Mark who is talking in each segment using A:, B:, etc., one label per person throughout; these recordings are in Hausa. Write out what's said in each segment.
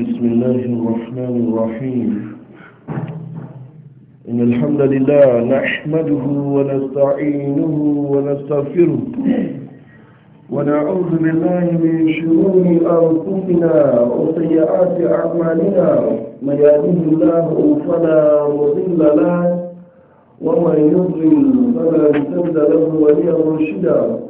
A: بسم الله الرحمن الرحيم إن الحمد لله نحمده ونستعينه ونستغفره ونعوذ بالله من شرور أنفسنا وسيئات أعمالنا من يهده الله فلا مضل له ومن يضلل فلا تجد له وليا مرشدا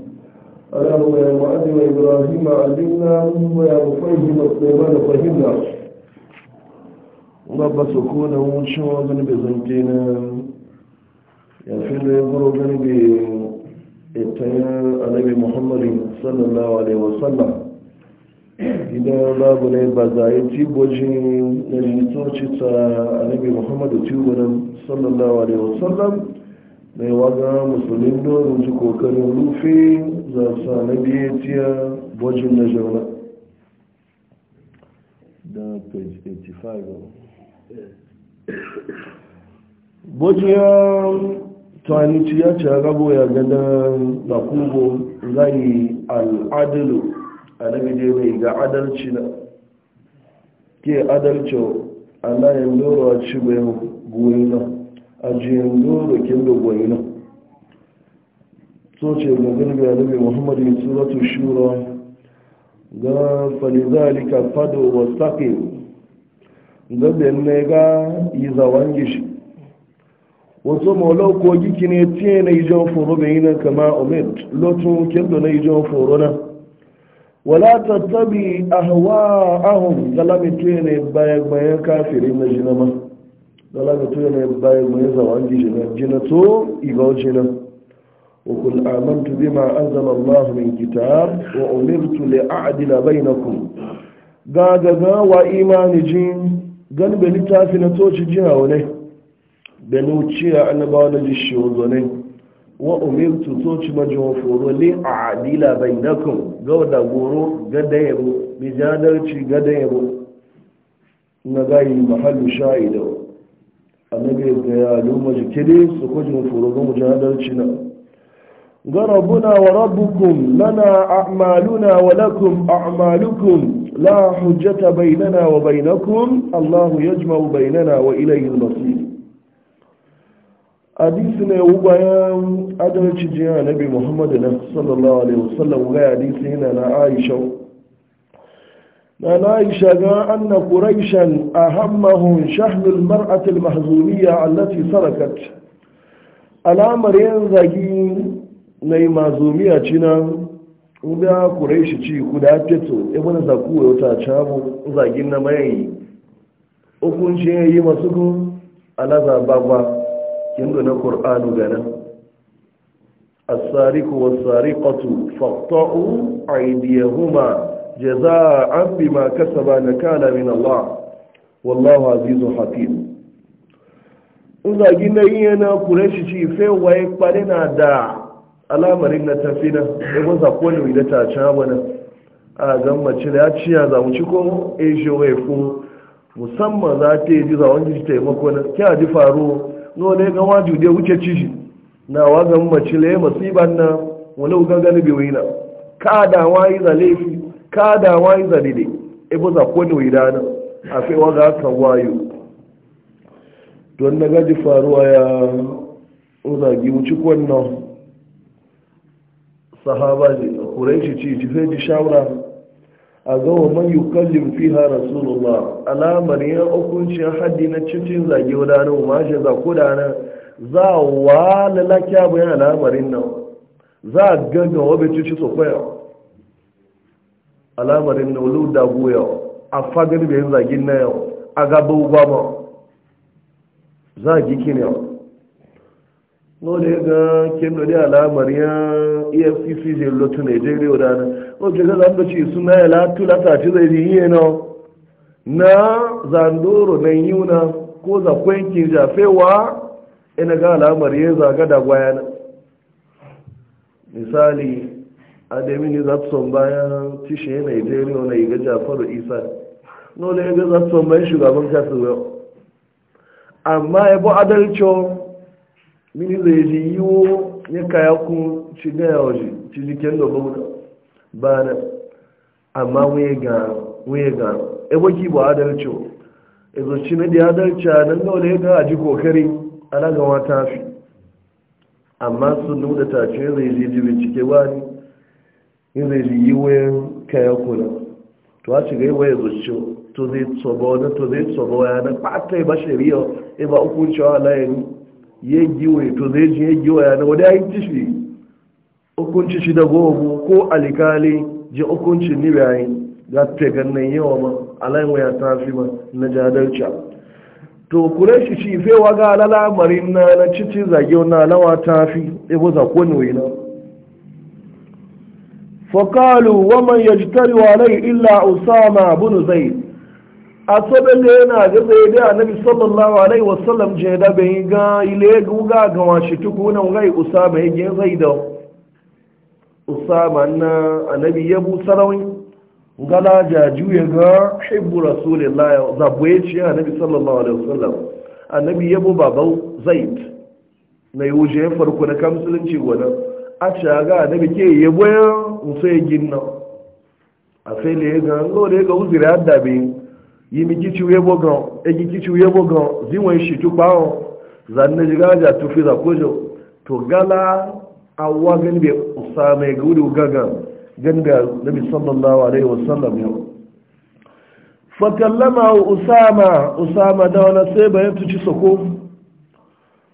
A: اللهم يا معلم إبراهيم علمنا ويا مفهم سليمان فهمنا رب سكونا ونشوى ذنب زنكينا يا فيل يقول ذنب اتيا النبي محمد صلى الله عليه وسلم idan babu ne ba za yi tibojin na jitoci ta annabi muhammadu tibunan sallallahu alaihi wasallam mai waga musulmin dorin ji kokarin rufe zasa na biye tiya bojin na jauna da page 85 bojiyan tuwaniti ya ce rabo ya gada na kubo zai al'adalu a nabide mai ga adalci na ke adalci a layin doro a cibiyar goyi na a jiyan doro kin da goyi na soce gangani ga yanabi muhammad mai suratu shura ga falizalika fado wa sake gaben ne ga izawan gishi wasu maulau ko giki ne tiye na ijon foro bai na kama omid lotun kendo na ijon foro na wala tattabi ahwa ahun galami tuye ne bayan bayan kafirin na jinama galami tuye ne bayan bayan zawan gishi na jinato igau jinan وقل آمنت بما أنزل الله من كتاب وأمرت لأعدل بينكم غاغا وإيمان جين غن بلتافي نتوشي جيها ولي بنوشي أنبا نجيشي وزني وأمرت توشي مجوفور لأعدل بينكم غودا غورو غدايبو بجادرشي غدايبو نغاي محل شاهدو annabi ya ga ya lumma jikiri su kujin furogon mujahadar cinan Garabuna wa rabukun lana a'maluna wa lakum a'malukum la hujjata bainana wa bainakum Allahu yajma'u bainana wa ilayhil masir hadis ne u bayan adalci jiya nabi muhammad na sallallahu alaihi wasallam ga hadis yana na aisha na na aisha ga anna quraishan ahammahum shahmul mar'atil mahzumiyya allati sarakat al'amar yanzu na yi mazumiya ci ya kure shi ci guda teto ya na zaku ya wuta cabu zagin na mayayi hukunci ya yi masu kun alaza bagba kindu na ƙor'anu gana asariku wa sariƙatu fakta'u aidiyahuma jaza'an ma kasaba na kala min Allah wallahu azizu hafiz. zagin na yi yana shi ci fewa ya kpari na da alamarin na tafi na ɗagon zakon da ta can a gammaci na ya ci ya mu ci ko asia wai fun musamman za ta yi zuwa wani ji taimako na kya ji faru no ne ga waju wuce ci shi na wa gammaci na ya masiban na wani ugan gani bai wina ka da wayi za laifi ka da wayi za dide ya zakon da wadda na a fi wa ga kan wayo don na gaji faruwa ya zagi wuce kwanan sahaba ne kuraishi ci ci fai ji shawara a ga wa yi kallin fiha rasulullah alamar yin hukuncin haddi na cikin zage wadanin mashi za ku da nan za a wa lalakiya bayan alamarin nan za a ganga wabe cici tsokwaya alamarin na wulu da yau a fagar bayan zagin na yau a gaba gwama za a giki yau nole ga kendo da alamar mariya efcc je lotu nigeria da na o je ga zan ci suna ya latu la ta ci zai yi ne no na zanduro na yuna ko za kwenki ja fewa ina e ga alamar za ga da gwaya na misali ademi ne za son bayan tishe nigeria na ga jafaru isa nole ga za son bayan shugaban kasuwa amma ya bu adalcin mini zai ji yiwo ya kaya kun shiga ya waje ci jikin da bauta ba na amma wuye ga eboki ba adalci ezo ci na da adalci a nan da ya ga aji kokari ana ga fi amma sun nuna tace zai ji ji bincike ba ne zai ya kaya to a shiga yi waye to zai tsoba wani to zai tsoba wani ba yegiwe to zai ji yegiwa yana wadda ya yi tishi hukunci shi da gobe ko alikali ji hukuncin ni bayan za ta gannan yawa ma alayin waya ta fi ma na jadarci to kure shi shi fewa ga lalamarin na na cici zage na alawa ta fi ibo e za ko ne wina fokalu wa man yajtari wa alai illa usama bunu zai. a tsobe da yana gaza ya da annabi sallallahu alaihi wasallam je da bai ga ile guga ga washi tuku nan gai usama ya ge zai da usama na annabi ya bu sarawi gala jaju ya ga hibbu rasulullahi zabwe ci annabi sallallahu alaihi wasallam annabi ya bu babau zaid na yi wuce farko na kamsulunci gwada a ci ga annabi ke yabo ya musa ya ginna a sai da ya ga ya ga uzuri hadda Yi yimi gici uye bogan egi gici uye bogan ziwon shi tukpawon zanne jiga ja tufi za kojo to gala awa gani bai usama ya gudu gagan gani da nabi sallallahu alaihi wasallam yau fakallama usama usama da wani sai bayan tuci sako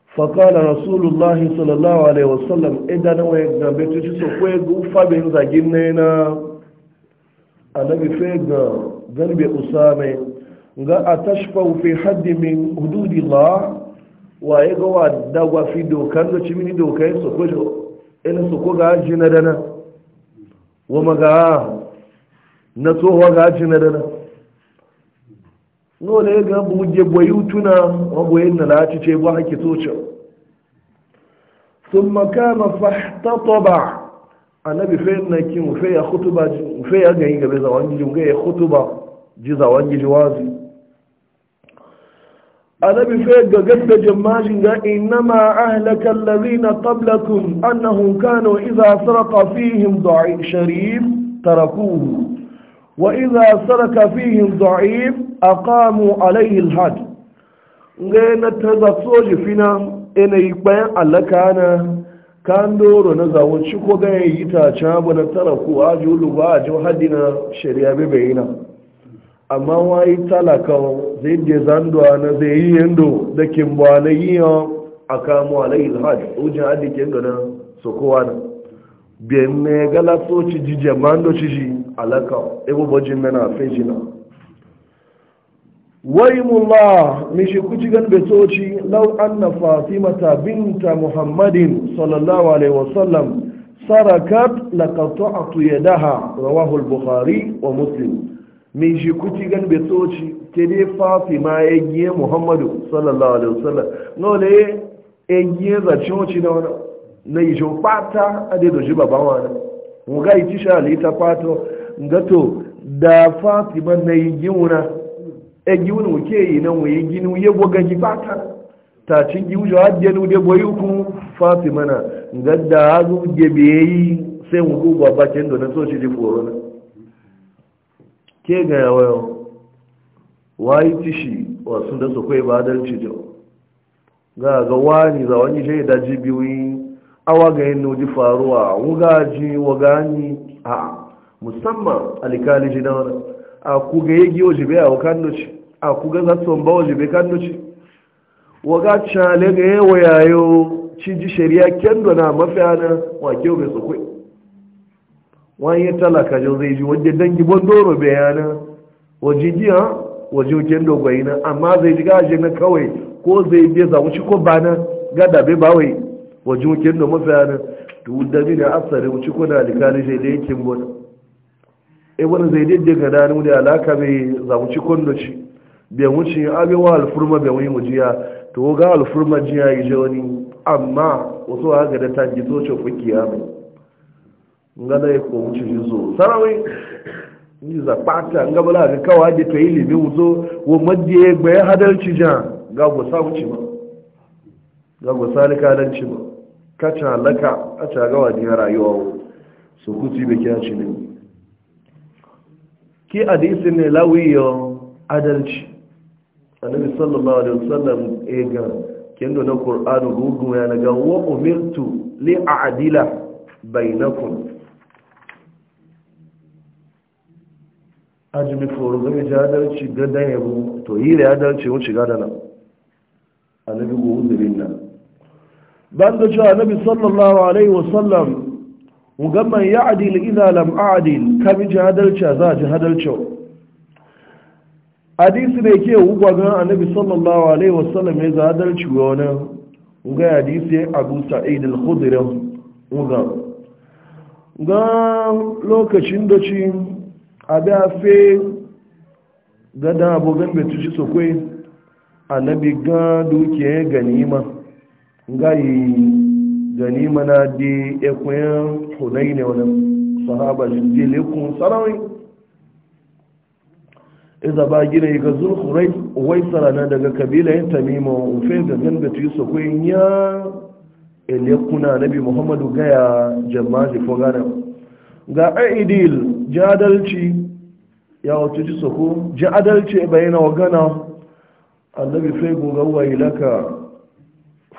A: fakala rasulullahi sallallahu alaihi wasallam idan wani gambe tuci sako ya gufa bin zagin na annabi fega zanbe usame ga a tashfau fi haddi min hududillah wa ya ga wa dagwa fi dokar da cimini dokai su kujo ina su ko ga ji na dana wa maga na tsohuwa ga ji na dana no ne ga buje boyutuna wa boyin na lati ce ba haki tsoce sun makama fahtatoba annabi fe na kin fe ya hutuba ji fe ya gani gabe zawon gijin ga ya hutuba ji zawon gijin wazi annabi fe ga gadda jamajin ga innama ahlaka allazina qablakum annahum kanu idza saraqa fihim da'if sharif tarakuhu wa idza saraka fihim da'if aqamu alayhi alhad ngai na tazasoji fina ina yi bayan alaka na Kando ro na zawo ci ko ga yi ta ca na tara ko a ji hulu ba a ji haddina shari'a bai bai yana amma wayi talaka zai je zanduwa na zai yi yando da kimba na yi yawon a kamo alayhi alhaji ujin haddi ke gana su kowa na biyan ne gala so ci ji jaman do ci ji alaka ibubajin mena fejina wai mulla mishi kuci gan لو أن فاطمة بنت محمد صلى الله عليه وسلم سركت لقطعت يدها رواه البخاري ومسلم من شكوتي كان بتوشي تدي فاطمة يجي محمد صلى الله عليه وسلم نقول إيه يجي زشوشي نونا نيجو باتا أدي دو جبا بوانا وغاي تشالي تباتو ngato da fatima na yi giwuna e giwuna wuke yi nan wuyi gini wuye gwaga ta ci giwujo hajjenu da boyi ku fasi mana gadda hazu gebe yi sai hudu gwabba ke ndo na soci ji foro na ke ga yawayo wayi tishi wasu da su kwai ba adalci jau ga ga wani za wani shi da ji biyu awa ga yin nuji faruwa wugaji wagani a musamman alikali ji na wani a kuga yi giyo jibe a wakan nuci a kuga zatson bawa jibe kan nuci waga cale ga yawa yayo ji shari'a kendo na ana wake bai su kwai wani ya talaka jau zai ji wajen dangi bondoro yana waje jiya waje kendo gwaina amma zai ji gaje na kawai ko zai je za wuce ko bana gada bai bawai waje kendo mafiyana to da mini asari wuci ko na alikali zai da yake bon e wani zai daidai ga da da alaka mai za wuce kondo ci bai wuce abin wa alfurma bai wuce mujiya to ga alfurma jiya yi je joni amma wasu a ga da ta gito ce fukiya mai ngana ya ko wuce shi zo sarawai ni za pata nga bala ga kawa da to ilimi wuzo wo madde gbe hadalci ja ga go sa wuce ba ga go salika dan ci ba kacha laka a ta ga wadi rayuwa su kuti be kiyaci ne ki hadisin ne lawiyo adalci annabi sallallahu alaihi wasallam ega eh kendo na qur'anu gugu ya naga wa umirtu li a'dila bainakum ajmi foro ga jadalci ga dan yabo to yi da jadalci mun shiga da nan annabi gugu dirin nan bando cewa annabi sallallahu alaihi wasallam mugamman ya'dil idza lam a'dil kabi jadalci za ji hadalci hadisi da yake wuba ga annabi sallallahu alaihi wasallam ya zadar ciwo wani ga hadisi ya abu sa'id al-khudri ga ga lokacin da ci abi afe ga da abogan betu ci sokwe annabi ga duke ganima ga yi ganima na di ekwen hunaine wani sahaba jindile kun sarawai iza ba gina ga zulkurai waisara na daga kabila kabilayen tamima ofe ga gangata yi sakwai ya kuna nabi muhammadu gaya jamaji fogana ga aidil jadalci ya wato ji sako jadalci bayana wa gana annabi fai goga wailaka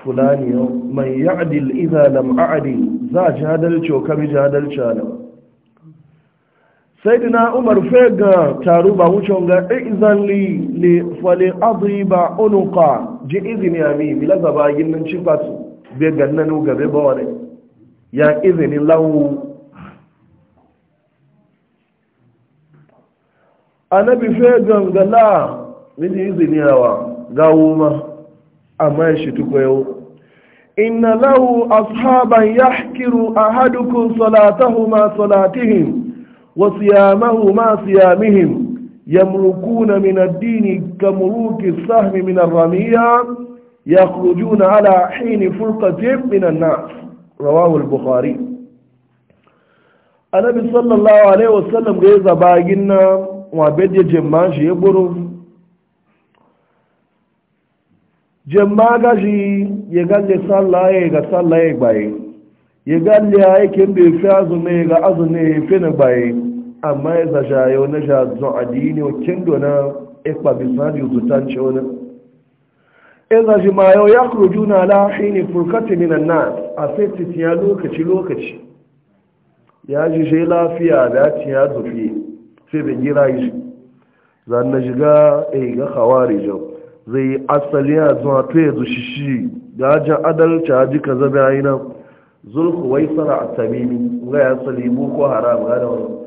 A: fulani mai ya'dil iza lam a'dil za jadalci wa kami jadalci alam sai sayyidina umar fega taru ba wucin ga izan li li fali adriba unuqa ji izini ami bila gaba ginnan cifatu be gannanu gabe baware ya izini lawu a anabi fega ga la miji izini yawa gawo ma amma shi tuko yau inna lahu ashaban yahkiru salatahu ma salatihim وصيامهما صيامهم يملكون من الدين كملوك السهم من الرمية يخرجون على حين فرقة من الناس رواه البخاري annabi sallallahu الله عليه وسلم ya zaba ginna wa bedje jemma ya jemma ga shi ya galle sallah ya ga sallah ya gbaye ya galle ya yake bai fi azume ga azume ya fi na gbaye amma ya zaja yau na ja zon adini wa kendo na ikpa bisani zutanci wani ya zaji ma yau ya kuro juna la hini furkati minan na a sai titiya lokaci-lokaci ya ji shi lafiya da ya ya zufi sai da gira yi shi. zan na shiga a eh, yi ga kawari jau zai yi asali a zuwa to ya zushi shi ga ajin adalci a jika zabi a yi nan zulku wai tsara a tamimi ga ya salimu ko haram ga da wani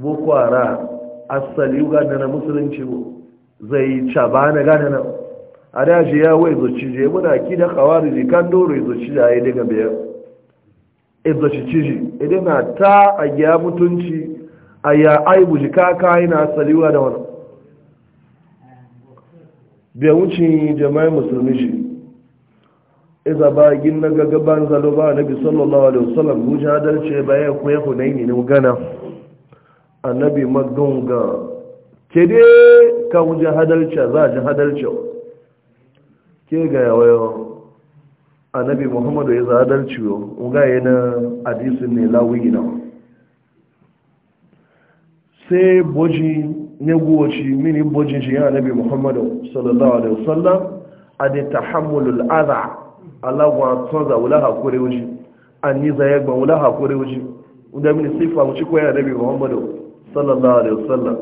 A: boko haram asali gane na musulunci zai caba na gane na a daji ya wai zoci je muna ki da kawari ji kan doro ya zoci da ya daga biyar Izoci ciji idan na ta a gya mutunci a ya aibu ji kaka yana asali wa da wani biya wuce jama'in musulmi shi iza ba gin na gaban zalo ba na sallallahu alaihi wasallam hujjadar ce bayan kuwa hunaini ne gana annabi magunga ke dai ka wuce hadalca za a ji hadalca ke ga yawayo annabi muhammadu ya za hadalci yau ga yi na adisun ne lawi na sai boji ne guwaci mini bojin shi ya annabi muhammadu sallallahu alaihi wasallam a da tahammulul adha alagwa za wula hakuri wuji. an yi yagban wula hakuri wuji. wanda mini sifa wuce koya annabi muhammadu sallallahu alaihi wasallam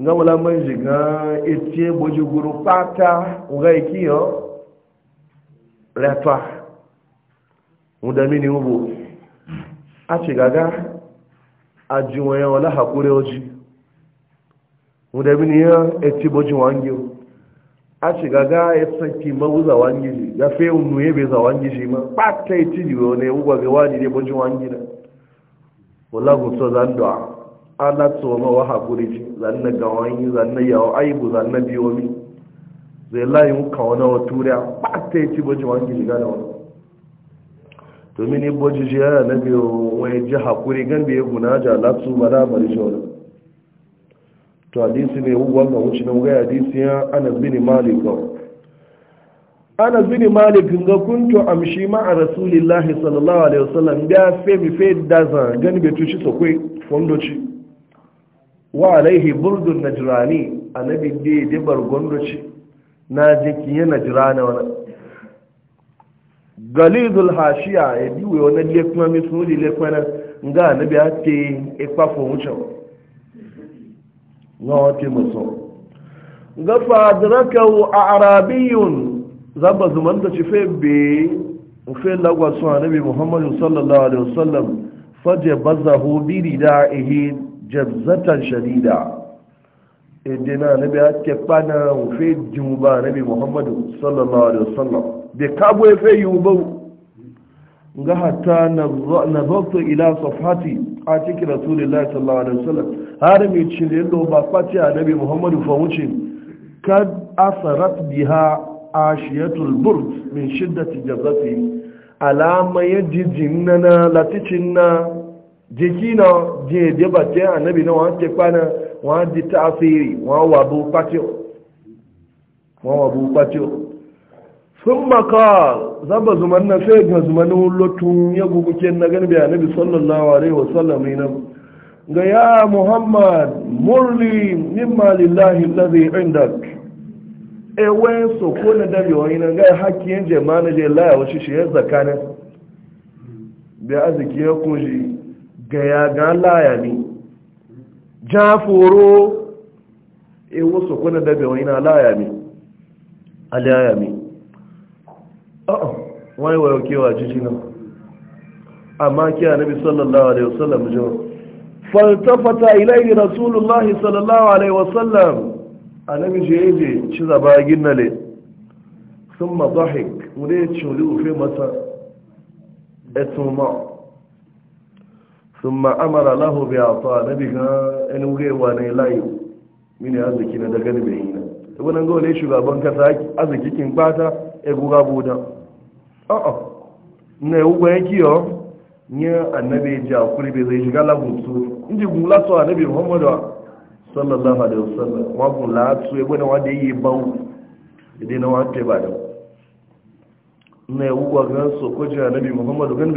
A: nga wala man jiga etie boji guru pata nga ikiyo ratwa mudamini ubu achigaga ajiwe wala hakure oji mudamini ya etie boji wangi achigaga esanki mawuza wangi ya fe unuye beza wangi ma pata iti diwe one ugwa gewani de boji wangi na wala gutso zandwa ala tsoma wa haƙuri ji zanna gawanyi zanna yawon aibu zanna biyomi zai muka wani wa turiya ba ta yi ci boji wani gini gane wani domin ni boji shi yana na biyo wani ji haƙuri gan ya guna ji latsu ba na bari shi wani to hadisi ne wuwan ga wuce na wuga hadisi ya ana bini malik ana bini malik ga kuntu amshi a rasulillahi sallallahu alaihi wasallam da fe mi fe dazan gani bai tushi sakwai fondoci wa alaihi burdun najrani annabi da da gondo ce. na jiki ya najrana wani galizul hashiya ya biwe wani lekuma mai suni lekuma na ga na biya ce ikpafo wuce na wata musamman ga fadrakau a arabiyun zaba zuman da cife be ufe lagwasu nabi muhammadu sallallahu alaihi wasallam faje bazahu bi rida'ihi jabzatan shadida idina na bi hake kpana fe jimba na bi muhammadu sallallahu alaihi wasallam bai kabo ya fe yi ba ga hata na zautu ila safati a cikin rasulullah sallallahu alaihi wasallam har mai cire lo ba kwace a nabi muhammadu fahimci kad asarat biha ashiyatul burd min shiddati jabzati alama ya jijin laticin na jeki na je debate annabi na wọn ti kwana wọn di tasiri wọn wà bú patio wọn wà bú pàtíò sun maka zaba zuman na sai ga zumanin lotun ya guguke na bi annabi sallallahu alaihi wasallam ne ga ya muhammad murli mimma lillahi allazi indak ewe so ko na dabi onye na ga hakkin jama'a na je laya wasu shi ya zakana bi ga ya ga laya ne ja foro e wasu kuna dabe wani na laya ne alaya ne a'a oh, wani wayo kewa jijina amma kiya nabi sallallahu alaihi wasallam jo faltafata ilayhi rasulullahi sallallahu alaihi wasallam annabi je je ci zaba ginnale thumma dhahik mure ci ufe masa etuma sun ma'amara lahu bi afa na biga yan wurewa na layu mini arziki na daga bai yi na wani shugaban kasa arziki kin bata ya gura buda a'a na yau gwaye kiyo ya annabi ja kuri shiga labun su in ji gula su annabi muhammadu sallallahu alaihi wasallam wa bau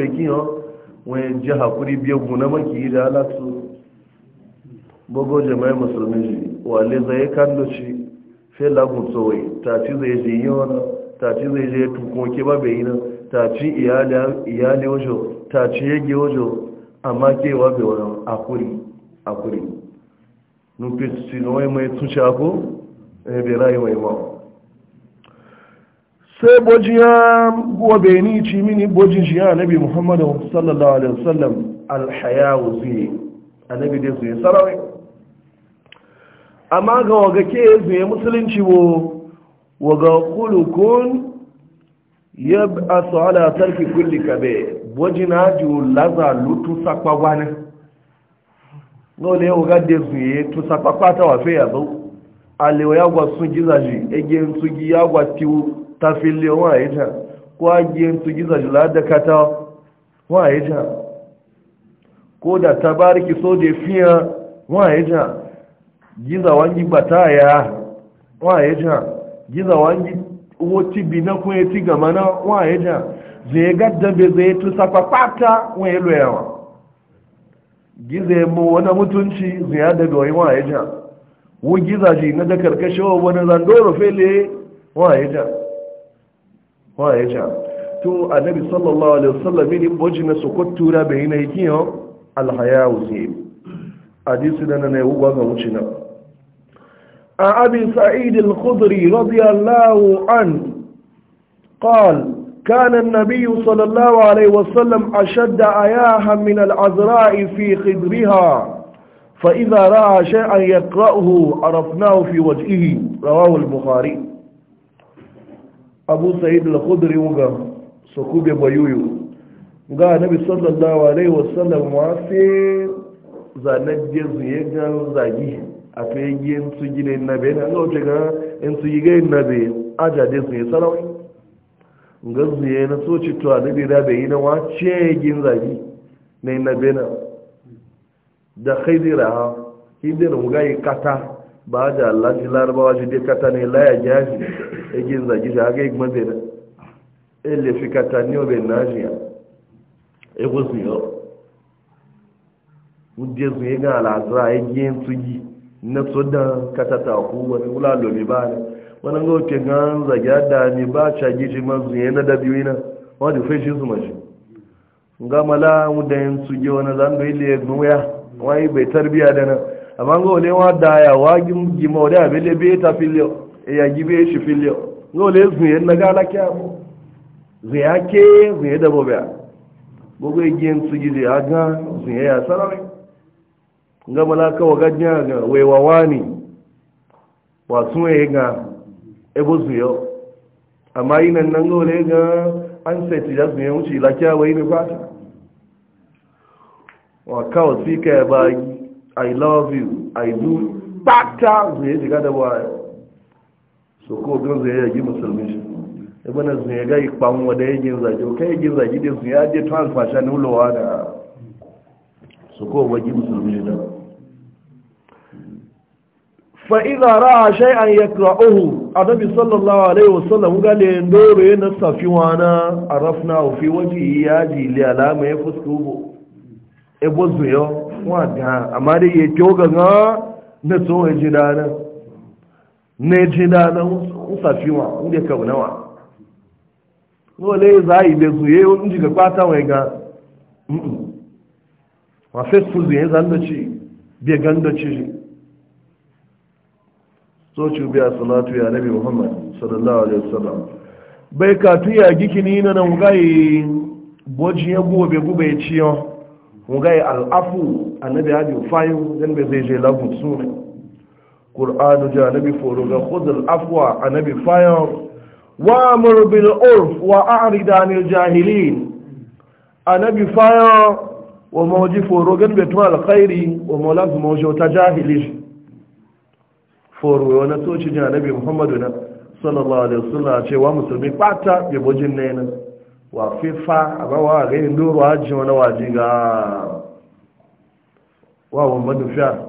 A: na wani ji haƙuri biyan guna maki da halatu bugu jama'i musulmi ji wale zai kando ci fela gutsowai ta ci zai je yi wani ta ci zai je tukunke ba bai yi nan ta ci iyali ojo ta ci yage ojo amma wa bai wani akuri akuri nufi sinuwai mai tushe ako ebe eh, rayu mai mawa sai ya gobe ni ci mini bojin shi ya nabi muhammadu sallallahu alaihi wasallam alhayawu zai nabi dai zai sarawai amma ga waga ke zai musulunci wo waga kulukun ya a ala tarki kulli kabe na ji laza lutu sakpa wani lọ́lẹ̀ ọgá dẹ̀sùn yìí tó sapapá tàwà fẹ́ yàtọ̀ ya yàgbà sun jíza jù ẹgbẹ́ sún ya tíwó ta fili wa ja kwagiyin tu giza jula da kata wa ja ko da tabariki soje fiya wa ja giza wangi bata ya ja giza wangi woti bi na kun eti gama na wa ja zai gadda bai zai tu safa pata wa ya lo yawa wani mutunci zai da doyi wa ya ja wo na da zandoro fele wa ya ja wa ya ja to annabi sallallahu alaihi wasallam ni boji na sokotura bai na yikiyo alhayawu zai hadisi da nan ne uwa ga wuce na a abi sa'id al-khudri radiyallahu an قال كان النبي صلى الله عليه وسلم أشد عياها من العذراء في خدرها فإذا رأى شيئا يقرأه عرفناه في وجهه رواه البخاري abu sa'id al-khudri wuga su kube bayuyu ga nabi sallallahu alaihi wasallam wa fi zanen jesu ga zagi a to yi gi su gine na na ga wace ga in su yi gayin na bai ajade su yi sarawai ga zuye na so ci to a nabi da bai yi na wace ya gin zagi na yi na na da haidira ha hidirin ga yi kata ba da allah ji larabawa ji dai kata ne laya jaji egi zagije aga igma bere ele fikata ni obe najia ego zinyo udie zunye ga alazra egi entugi na tsoda katata ku wani wula lomi ba ne wani ga oke ga zagi ada ni ba cagi shi ma zunye na dabiwi na wani da feshi su mashi nga mala mu da yin tsuge wani zan da ile ya wani bai tarbiya da nan amma ga wale wa daya wa gima wale abin bai tafi ya gibe shi filiyo dole zuye na gala kya mu zuya ke zuye da bobe gogo giyan su gize a ga zuye ya sarari ga malaka wa ganya ga waiwawa ne wasu ya ga ebo zuyo amma yi nan nan dole ga an sai tija zuye wuce lakiya wai ne fata wa kawo sika ya ba i love you i do pata zuye shiga da bawa so ko don zai yagi musulmi shi ibn azmi ya wa da wada yagin zage kai yagin zage da su ya je tan fasha ne ulowa da so ko gi musulmi shi da fa idza ra'a shay'an yakra'uhu adabi sallallahu alaihi wasallam gale ndoro yana wana arafna fi waji yaji li alama ya fuskubo ebo zuyo wa ga amare ye ya na so ejidana ne ji dana nsafiwa ndị kaunawa n'ole za a ibe zuye ndị ga kwata wee ga ma fesu zuye za ndochi bie ga so soci biya salatu ya nabi muhammad sallallahu alaihi wasallam bai katu ya ni na nan gai bojin ya gobe gube ciyo mu gai al'afu annabi hadi fayu zan bai zai je lagun sunan ƙur'anu ji anabi foro ga khudul afwa anabi fayon wa murbil urf wa a'rida anil jahilin anabi fayon wa mawji foro gan betu alkhairi wa mawlaz mawjo ta jahili foro wa na toci ji anabi muhammadu na sallallahu alaihi wasallam ce wa musulmi fata bi bojin ne na wa fifa abawa ga yin doro haji wani waje ga wa wa madufiya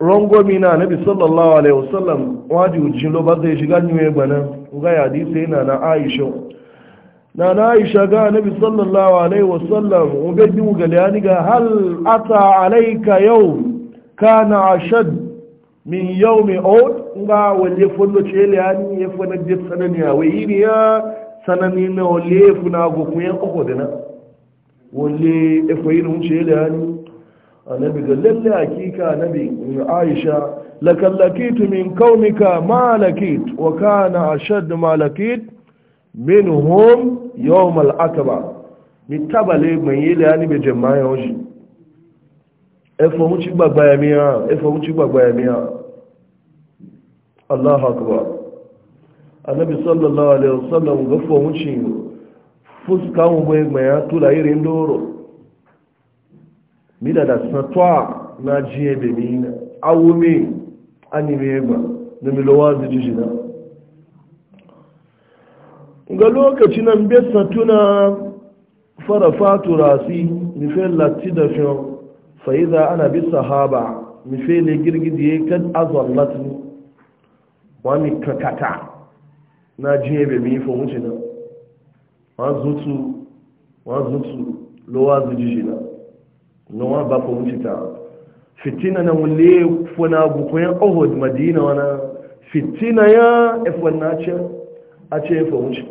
A: rongomi na nabi sallallahu alaihi wasallam waji ujin lo ba zai shiga niwe bana ga ya hadisi yana na Aisha na na Aisha ga nabi sallallahu alaihi wasallam ube din ga yani ga hal ata alayka yau kana ashad min yawm od ga wale fondo chele yani ya fona je sanani ya wayini ya sanani na wale funa go kuyen ko na wale e foyin mun chele yani annabi ga lalle hakika nabi aisha lakallakitu min kaunika malakit wa kana ashad ma minhum yawm al-akaba mitabale yele ani be jemaya oji efo mu ci gbagba ya miya efo mu ci gbagba yami miya Allahu akbar annabi sallallahu alaihi wasallam ga fo mu ci fuska mu bai maya tula irin doro mida da satwa na jiye da mina awume anime ba da milowa zijijina ga lokaci nan besa tuna farafa turasi nufe latti da fiye fa'iza ana bi sahaba nufe ne girgidi ya kan azon latin wani kakata na jiye da mi fa wuce na wa zutu wa zutu lowa zijijina wa ba ko mutita fitina na wule funa bukoyan ohod madina wana fitina ya efwan na ce a ce fa wuce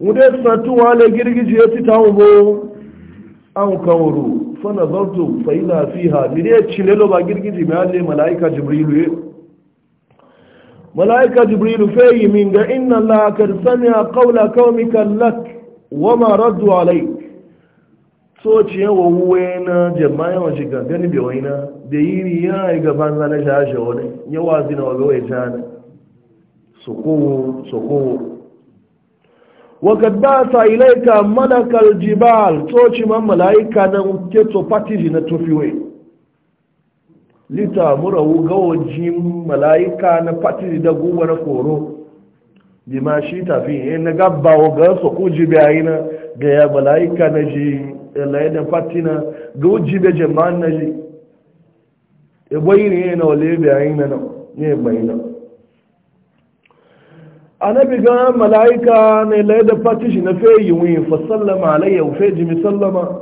A: wude satuwa le girgiji ya ti tawo bo an kawuru fa nazartu fa ila fiha mire chilelo ba girgiji mai alle malaika jibrilu ye malaika jibrilu yi min ga inna allaha kad sami'a qawla qaumika lak ma raddu alayk soci yawa wuwe na jama'a yawan shiga gani bai wai na da ni ya yi gaban zane shashe wani yawa zina wa gawai ta ne sokowo sokowo wakad ba sa ilaika malakal jibal soci man malaika nan ke tsofatiji na wai lita murawu gawajin malaika na fatiji da guba na koro bi ma shi tafi in eh, na gabba wa ga sokoji bayina ga ya malaika na ji laye da fatina ga wujji be jama'an na ji e boyi ne na wale be ayin na ne bayi na annabi ga malaika ne laye da fatishi na fe yi wi fa sallama alayya wa fe ji sallama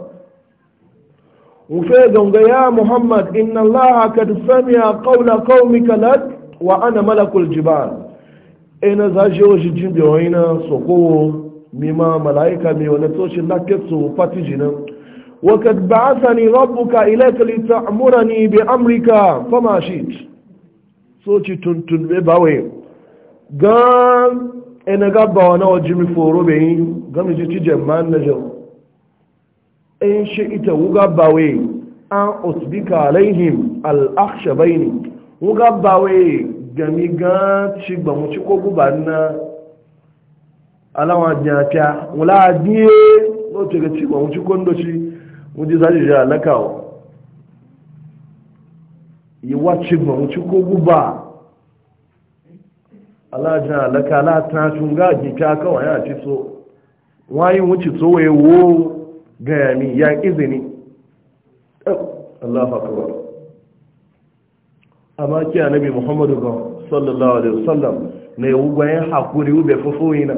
A: وفيدهم يا محمد إن الله قد سمع قول قومك لك وأنا ملك الجبال إن زاجي وجي جيب يوهينا سقوه mima malaika mai wani toshin lafiya su fati jinan wakad ba'athani rabbuka ilayka ni bi amrika fama shit so ci tuntun be bawe ga ina gaba wani wajimi foro be yin gami ji ci jamman na in shi ita wuga bawe an usbika alaihim al-akhshabaini wuga bawe gami gan ci gbamu ci ko guba na alawa nyapia wula adie n'otu ga chigwa nwuchikwo ndochi nwuji zajiji alaka yiwa chigwa nwuchikwo guba alajin alaka alata chunga jika kawai ya ci so wayin wuce so ya wo gaya mi ya izini e, Allah akbar amma ki annabi Muhammadu sallallahu alaihi wasallam na ugwayen hakuri ube fufuina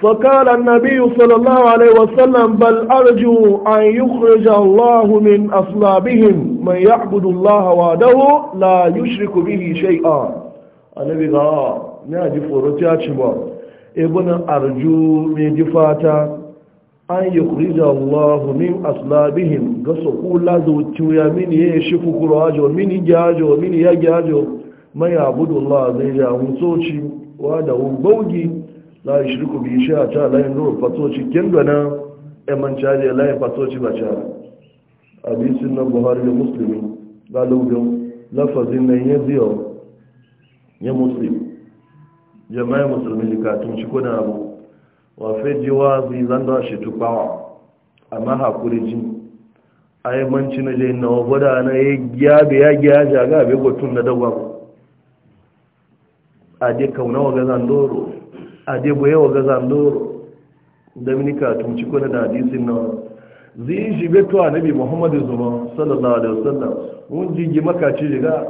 A: فقال النبي صلى الله عليه وسلم بل أرجو أن يخرج الله من أصلابهم من يعبد الله وحده لا يشرك به شيئا النبي قال نادي آه، فرطيات شبا ابن أرجو من جفاتا أن يخرج الله من أصلابهم قصقوا لازو تويا من يشفو كراجو من يجاجو من يجاجو من يعبد الله زيجا جاهم وعده بوجي la shirku bi sha ta layin ruwa fatoci kin gana eman caje layin fatoci ba ca hadisin na buhari da muslimi galubin lafazin nan ya biyo ya muslim jama'a musulmi jikatun shi kuna abu wa feji wa zizan da shi tukawa amma hakuri ji a yi manci na jayin na wabada na ya gyabe ya gyaja ga abin gwatun na dagwa a dai kauna wa gazan doro adebo yawa ga zandoro dominika tun ci kone da hadisin nan zai shi beto a nabi muhammadu zuma sallallahu alaihi wasallam mun maka ci ga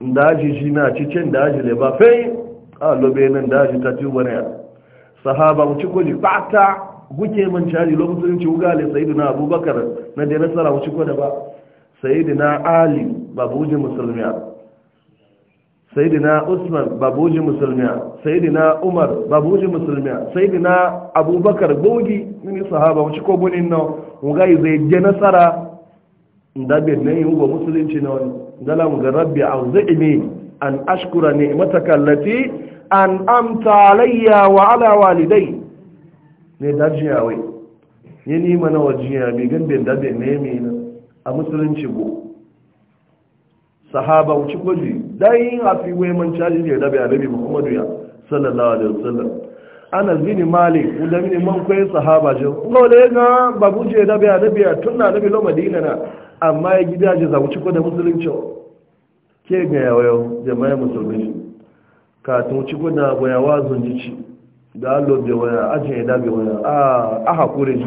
A: daji shi na ce daji le ba fai a lobe nan daji ta ci bane ya sahaba mu ci kone fata buke man cari lokacin ci wuga le sayyidina na abubakar na da nasara mu ci da ba sayyidina na ali babu wujin musulmiya sayidina usman babuji musulmiya sayidina umar babuji musulmiya sayidina abubakar gogi mini sahaba wacce ko bunin nan mugayi zai je nasara da bai nan yi wa musulunci na wani dala mu ga rabbi a auzini an ashkura ni'mataka allati an amta alayya wa ala walidai ne dajiya wai ne ni mana wajiya bi gan da bai nemi a musulunci go sahaba wuci kwaji dai a fi wai man caji ne da bayanai muhammadu ya sallallahu alaihi wasallam ana zini mali da mini man kwaye sahaba jin lole ga babu je da bayanai a tun na nabi lo madina na amma ya gida je za wuci kwada musulunci ke ga yawayo jama'a musulunci ka tun wuci kwada bayawa zunjici da allo da waya ajin ya dabe waya a a hakuri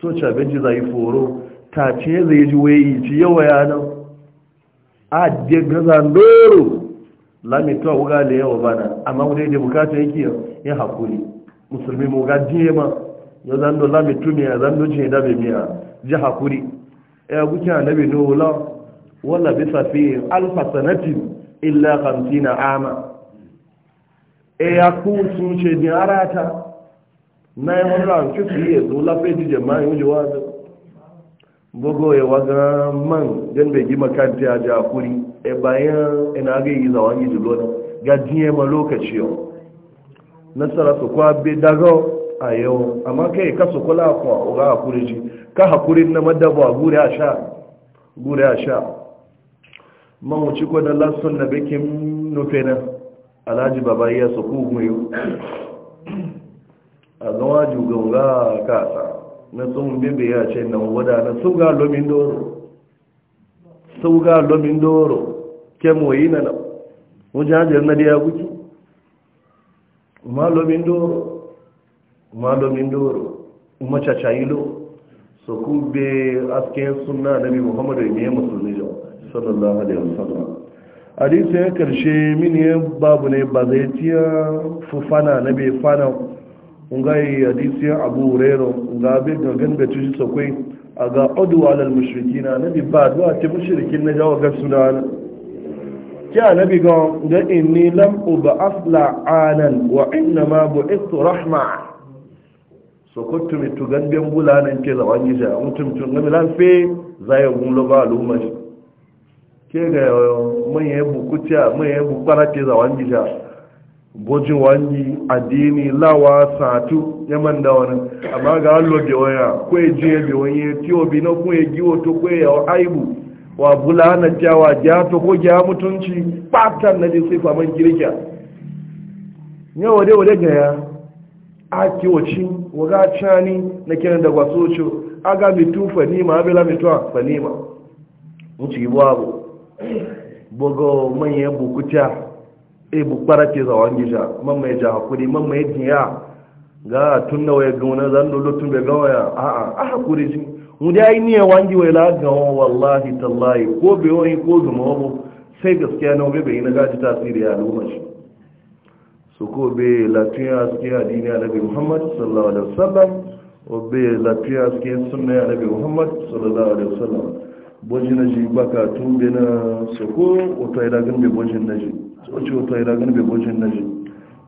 A: to cabe ji zai foro ta ce zai ji yi ci yawa ya nan a daga zandoro lamito a wuga da yawa bana amma wani da bukata yake ya haƙuri musulmi mu ga jiye ma ya zando lamito ne ya zando ce da bai miya ji haƙuri ya guke a nabi nola wala bisa fi alfa sanatin illa kamtina ama e ya ku sun ce ni arata na yi wani ran kifi ya zo lafe jijin ma yi wujewa da bugo ya waga man jan bai gima kanta ya ja kuri a e bayan ina ga yi zawon yi dulona ga jiye ma lokaci yau nasara su kwa bi dago a yau amma kai ka su kula kwa a kuri ji ka hakuri na madabu a gure a sha gure a sha man wuce kwa da lasun na bikin na alhaji babayi ya su ku yi a gawa juganga kasa na tsohon bimbe ya ce na wada na sauga lomin doro sauga lomin doro ke yi na nan wajen hajjar na da ya guji ma doro ma doro doro macacayilo so ku be asken suna bi muhammadu ne musulmi jau sallallahu alaihi wasallam hadisi ya karshe min babu ne ba zai tiya fufana na bai fana ngai hadisi abu hurairah ga be ga ganbe tuji sakwai a ga odu alal mushrikina nabi ba duwa ce mushrikin na jawo ga sunan kya nabi ga da inni lam asla anan wa inna ma bu bu'ithtu rahma so ko tumi to ganbe bulanan ke zawan gija mutum tun nabi lan fe zai gun lo ba al'umma ke ga mun yabu kutiya mun yabu kwara ke zawan gija bojin wangi addini lawa satu ya man da wani amma ga allo bi oya ko e je bi wani tiyo bi na ko e giwo to ko e aibu wa bulana jawa ja to ko ja mutunci patan na je sai fa man kirkiya ne wade wade ga ya a kiwoci waga chani na kiran da gwasoci aga mitu fanima abela mitu fanima mu ci bo abu bogo manyan bukuta e eh, Bukbara ke zawon gija mamma ya ja hakuri mamma ya diya ga tun na waya ga wani zan dole tun bai ga waya a'a a hakuri shi mu da yi niyan wangi wai laga wallahi tallahi ko bai wani ko zuma wabu sai gaskiya na wabe bai yi na gaji tasiri ya luma shi su ko bai latiya suke hadini a nabi muhammad sallallahu alaihi wasallam wabe latiya suke sunna ya nabi muhammad sallallahu alaihi wasallam bojin na ji baka tun bai na su ko wata idagan bai bojin na ji so ci yi ira gani bai bocin na ji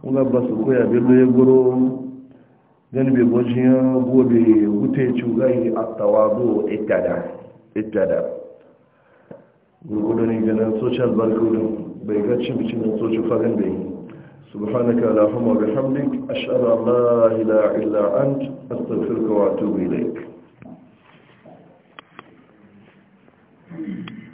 A: nga ba su koya bello ya goro gani bai bocin ya gobe wuta ci gai a tawado itada itada ganin social barcode bai ga cin bikin da soci fagen da yi سبحانك اللهم وبحمدك أشهد أن لا إله إلا أنت أستغفرك وأتوب إليك